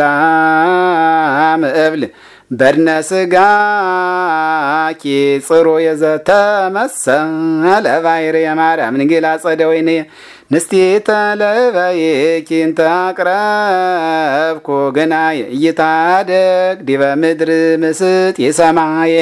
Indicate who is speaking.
Speaker 1: ላም እብል በድነ ስጋኪ ጽሩ የዘተመሰለ ባይር የማርያም ንጌላ ጸደ ወይኔ ንስቲተ ለበይኪ እንተ አቅረብኩ ግናየ ኢይታደግ ዲበ ምድር ምስጥ የሰማየ